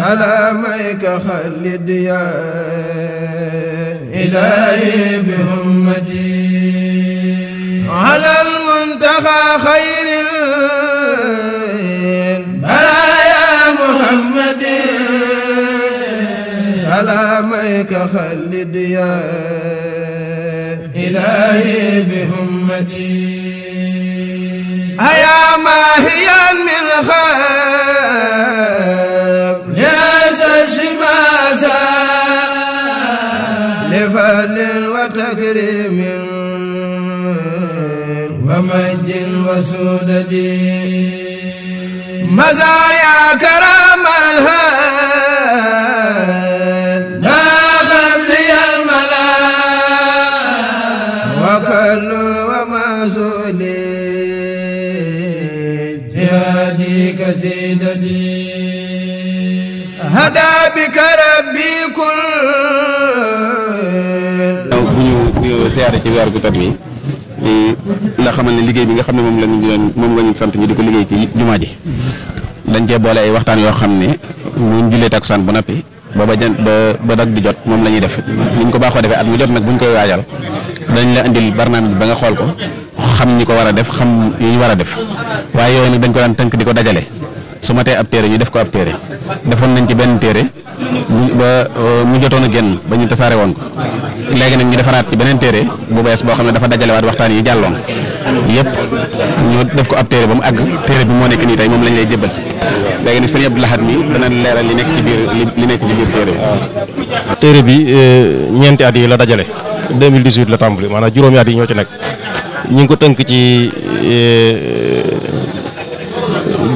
salaamay ka xalid yaa إلهي بهمتي على المنتخى خير البرايا محمد سلامك خلد يا إلهي بهمتي أيا ما هي مجد وسودد مزايا كرام الهان ناغم لي الملام وكل ومسودد بهديك سيدتي هدى بك ربي كل. donc bu ñu ziare ci weer bi tam yi. la xamal ne liggéey bi nga xam ne moom la ñu doon moom la ñu sant ñu di ko liggéey ci jumaa ji dañ cee boole ay waxtaan yoo xam ne muñ jullee takusaan bu noppi ba ba jant ba ba dag di jot moom la ñuy def ni ñu ko baaxoo defee at mu jot nag bu ñu koy waajal dañ la indil barnaamij ba nga xool ko xam ñi ko war a def xam yi ñu war a def waaye yooyu nag dañ ko daan tënk di ko dajale su ma tee ab téere ñu def ko ab téere defoon nañ ci benn téere ba euh, mu jotoon a génn ba ñu tasaare woon léegi nag ñu defaraat ci beneen téere bu bees boo xam ne dafa dajalewaat waxtaan yi jàlloon yëpp ñu def ko ab téere ba mu àgg téere bi moo nekk nii tey moom lañu lay jébbal si léegi nag sëñ Abdou Lahad mi dana leeral li nekk ci biir li nekk ci biir téere téere bi euh, ñeenti at yi la dajale 2018 la tàmbali maanaam juróomi at yi ñoo ci nekk ñu ngi ko tënk ci euh,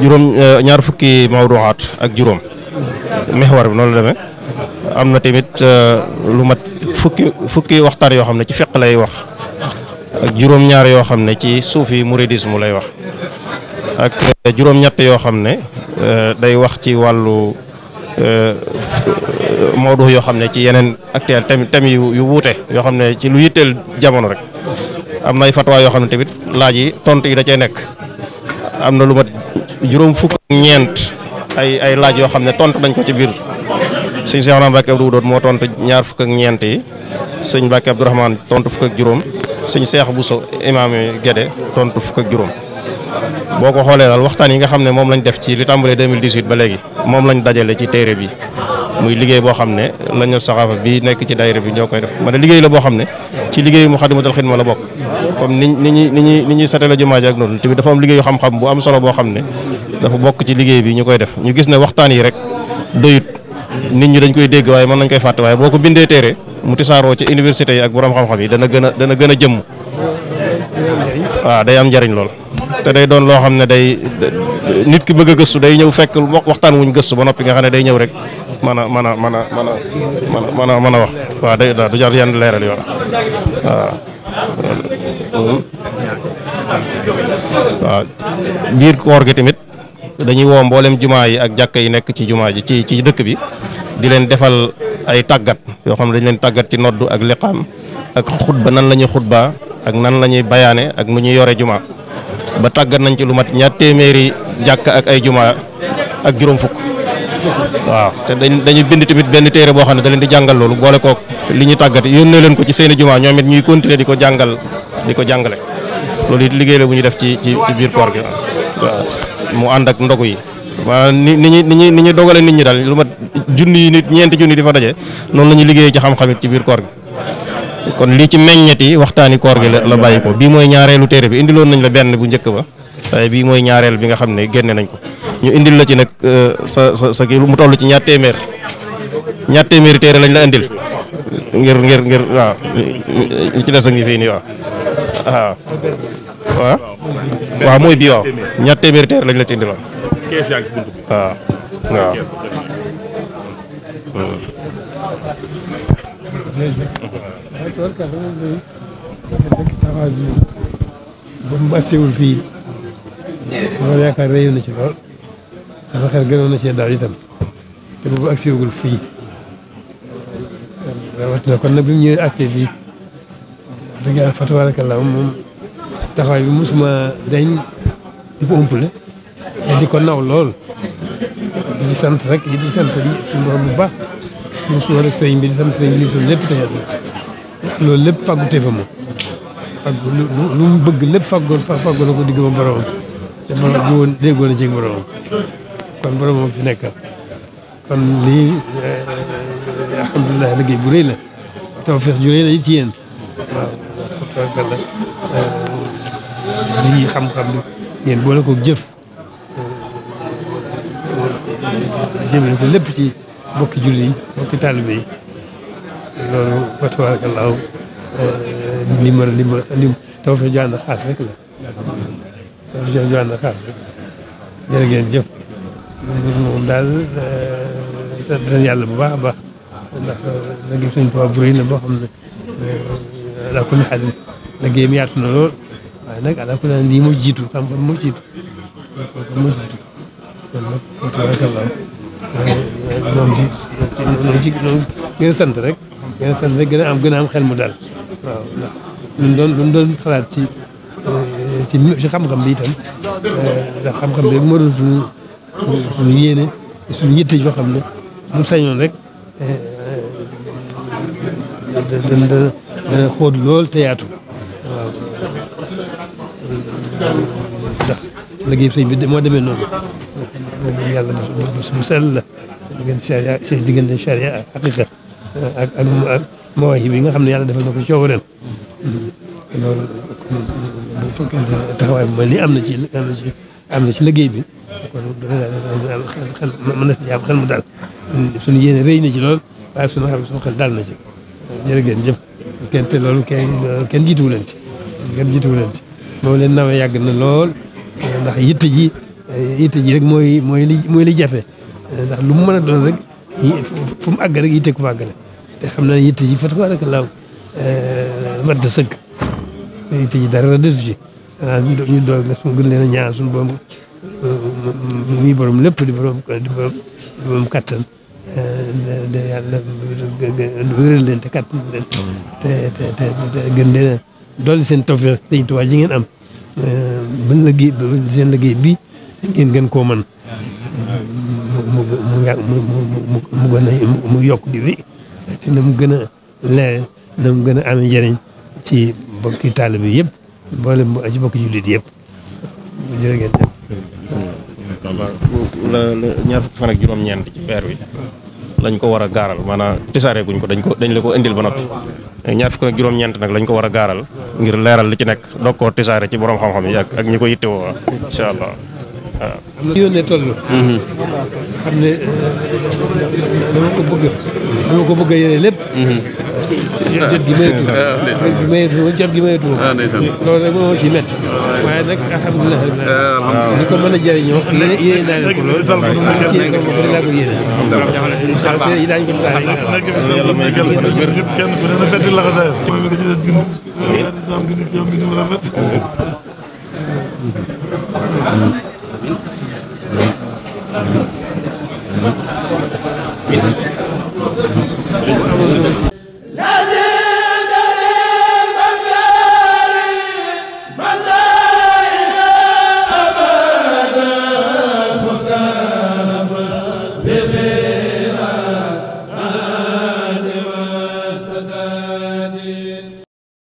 juróom euh, ñaar fukki mawduwaat ak juróom mexwar bi noonu la demee. am na tamit euh, lu mat fukki fukki waxtaan yoo xam ne ci fekk lay wax ak juróom-ñaar yoo xam ne ci suufi mouridisme lay wax ak euh, juróom-ñett yoo xam ne euh, day wax ci wàllu mawdu yoo xam ne ci yeneen actuel tamit thème yu wuute yoo xam ne ci lu yitteel jamono rek am na ay fatwa yoo xam ne tamit laaj yi tontu yi da cee nekk am na lu mat juróom fukk ñeent ay ay laaj yoo xam ne tont dañ ko ci biir sëñ Seexuna Mbàkke Abdou Wadoud moo tontu ñaar fukk ak ñeent yi sëñ Mbàkke Abdourahmane tontu fukk ak juróom sëñ Seex Buso imaam Gédé tontu fukk ak juróom boo ko xoolee daal waxtaan yi nga xam ne moom lañu def ci li tàmbalee 2018 ba léegi moom lañ dajale ci téere bi muy liggéey boo xam ne lañu saxaafa bi nekk ci daayira bi ñoo koy def ma liggéey la boo xam ne ci liggéey Muxaddamatul Xidma la bokk comme ni ni ñi ni ñi ni ñuy sate la jumaa ji ak noonu tamit dafa am liggéeyu xam-xam bu am solo boo xam ne dafa bokk ci liggéey bi ñu koy def ñu gis ne waxtaan yi rek doyut nit ñi dañ koy dégg waaye mën nañ koy fàtte waaye boo ko bindee téere mu tisaaroo ci université yi ak borom xam-xam yi dana gën a dana gën a jëmm waaw day am njariñ lool te day doon loo xam ne day nit ki bëgg gëstu day ñëw fekk waxtaan wuñ gëstu ba noppi nga xam ne day ñëw rek mën a mën a mën a mën a mën a mën a wax waaw day du jar yan leeral yoo waaw waaw biir koor gi tamit dañuy woo mboolem jumaa yi ak jàkk yi nekk ci jumaa ji ci ci dëkk bi di leen defal ay tàggat yoo xam ne dañu leen tàggat ci noddu ak liqaam ak xutba nan lañuy ñuy xutba ak nan la ñuy bayaane ak lu ñuy yore jumaa ba tàggat nañ ci lu mat ñaar téeméeri jàkk ak ay jumaa ak juróom fukk waaw te dañ dañuy bind tamit benn téere boo xam ne daleen di jàngal loolu boole kook li ñuy tàggat yónnee leen ko ci seeni jumaa ñoom it ñuy continuer di ko jàngal di ko jàngale loolu it liggéey la def ci ci ci biir koor gi waaw mu ànd ak ndogu yi waaw ni ni ñuy ni ñuy dogale nit ñi daal lu ma junni yi nit ñeenti junni di fa daje noonu lañuy ñuy liggéeyee ci xam-xam ci biir koor gi kon lii ci meññet yi waxtaani koor gi la bàyyi ko bii mooy ñaareelu téere bi indiloon nañ la benn bu njëkk ba waaye bii mooy ñaareel bi nga xam ne génne nañ ko ñu indil la ci nag euh, sa sa mu toll ci ñaar téeméer ñaar téeméeri téere lañ la indil ngir ngir ngir waaw li ci des a ngi fii nii waaw waaw Ah? waaw waaw mooy bii waaw ñaar téeméeri teer lañ la ci indiloon. kees yaa ngi buntu bi ah, waaw waaw. ba mu agsewul fii loolu yaakaar réyu na ci lool sama xel gënoon na cee daal itam te boobu agsewul fii rawatina kon nag bi mu ñëwee agsee fii dëgg yàlla fatabaaraka llaah moom taxawaay bi mosuma dañ di ko umpale te di ko naw lool di sant rek di sant suñu borom bu baax mosuma rek sëñ bi di sant sëñ bi suñu lépp te yàlla ndax loolu lépp fàggu teefa moom fàggu lu mu bëgg lépp fàggoon fàggu na ko digg ma boromam te borom bi woon déggoo ci boromam kon boromam fi nekkal kon lii eh, alhamdulilah liggéey bu rëy la tawfeex ju la it ci waaw dañuy xam-xam bi ngeen boole ko jëf jëmale ko lépp ci bokki julli yi bokki taalibe yi loolu wa tabaarakallaahu ni eh, ma ni ma ni taw fa joxaan rek la taw fa joxaan xaas rek la jërë ngeen jëf moom daal eh, sant nañu yàlla bu baax a baax ndax nag eh, suñu la boo xam ne alaa kulli xaal nag yéen waaye nag ala kulli jiitu xam-xam moo jiitu xam-xam moo jiitu kon nag wa tabarakallah noonu ci noonu ci noonu gën a sant rek gën a sant rek am gën xel mu daal doon lu doon ci eh, ci ci bi itam eh, ndax xam-xam bi rek moo yoo xam ne bu sañoon rek eh, dana dana xóot lool te ndax liggéey sëñ bi moo demee noon liggéey yàlla bu sell la diggante charia diggante charia ak xaqiqa ak ak ak mawaahib bi nga xam ne yàlla defal na ko coobareem hmm. loolu bu fekkee taxawaay bu mel nii am na ci am na ci am na ci liggéey bi kon xel mën na si jàpp xel mu daal suñu yéene rëy na ci lool waaye suñu xam suñu daal na ci jërë ngeen jëf kenn te loolu kenn kenn jiituwu leen ci kenn jiituwu leen ci moom leen nawe yàgg na lool ndax yitte ji yitte ji rek mooy mooy li mooy li jafe ndax lu mu mën a doon rek fu mu àgg rek yitte ku àggale te xam naa yitte ji fa tabaarakallaahu mat eh, na sëkk yitte ji dara desu ci ah ñu doog nag suñu gën leen a ñaan suñu borom muy borom lépp di borom di borom kattan eh, de yàlla wéral leen te kattan leen te te te dolli seen tawfeex Sëriñ Tuubaa ji ngeen am ban euh, liggéey seen liggéey bi ngeen gën koo mën mu mu mu mu yokk di bi te na mu gën a leer na mu gën a am njëriñ ci bokki taalibe yëpp boole ci bokki jullit yëpp jërë ngeen jëf la la ñaar fukki fan ak juróom-ñeent ci weer wi lañ ko war a gaaral maanaam tisaare guñ ko dañ ko dañ la ko indil ba noppi ñaar fukk ak juróom-ñeent nag lañ ko war a gaaral ngir leeral li ci nekk doog ko tisaare ci borom xam-xam yi ak ak ñi ko yittewoo incha allah waaw yónnee toll. Mhm. xam ne dama ko bëgg dama ko bëgg a lépp. Mhm. jot gi mayatu ah, ma jot gi mayatu ma ah, loolu moo ci métti waaye nag alhamdulilah rabbil ñi ah, ko mën a jëriñoo yéene naa leen ko loolu ci sama bopp rek laa ko yéene yi daañu ko taal ñëpp kenn ku ne na fetti laxasaay mooy